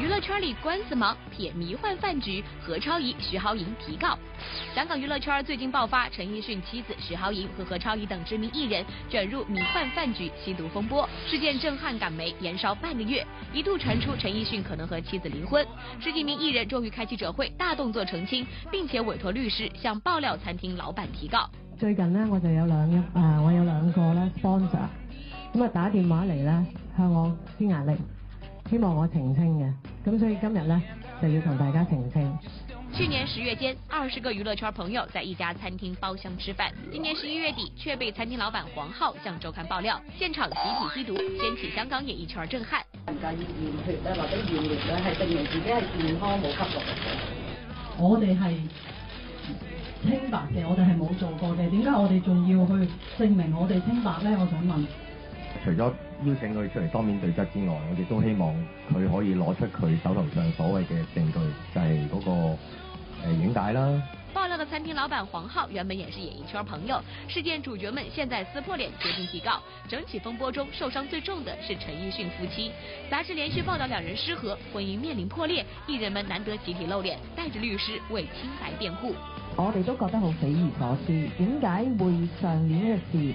娛樂圈裏官司忙，撇迷幻飯局。何超儀、徐濠縈提告。香港娛樂圈最近爆發，陳奕迅妻，妻子徐濠縈和何超儀等知名藝人捲入迷幻飯，飯局吸毒風波事件，震撼港媒，延燒半個月，一度傳出陳奕迅可能和妻子離婚。十幾名藝人終於開記者會，大動作澄清，並且委託律師向爆料餐廳老闆提告。最近呢，我就有兩啊、呃，我有兩個呢 sponsor，咁啊打電話嚟咧，向我施壓力，希望我澄清嘅。咁所以今日咧就要同大家澄清。去年十月間，二十個娛樂圈朋友在一家餐廳包廂吃飯，今年十一月底卻被餐廳老闆黃浩向周刊爆料，現場集體吸毒，掀起香港演藝圈震撼。驗血或者驗尿，係證明自己係健康冇吸毒嘅。我哋係清白嘅，我哋係冇做過嘅，點解我哋仲要去證明我哋清白咧？我想問。除咗邀請佢出嚟當面對質之外，我哋都希望佢可以攞出佢手頭上所謂嘅證據，就係嗰個誒影帶啦。爆料的餐廳老闆黃浩原本也是演藝圈朋友，事件主角們現在撕破臉，決定提告。整起風波中，受傷最重的是陳奕迅夫妻。雜誌連續報導兩人失和，婚姻面臨破裂，藝人們難得集體露臉，帶着律師為清白辯護。我哋都覺得好匪夷所思，點解會上年嘅事？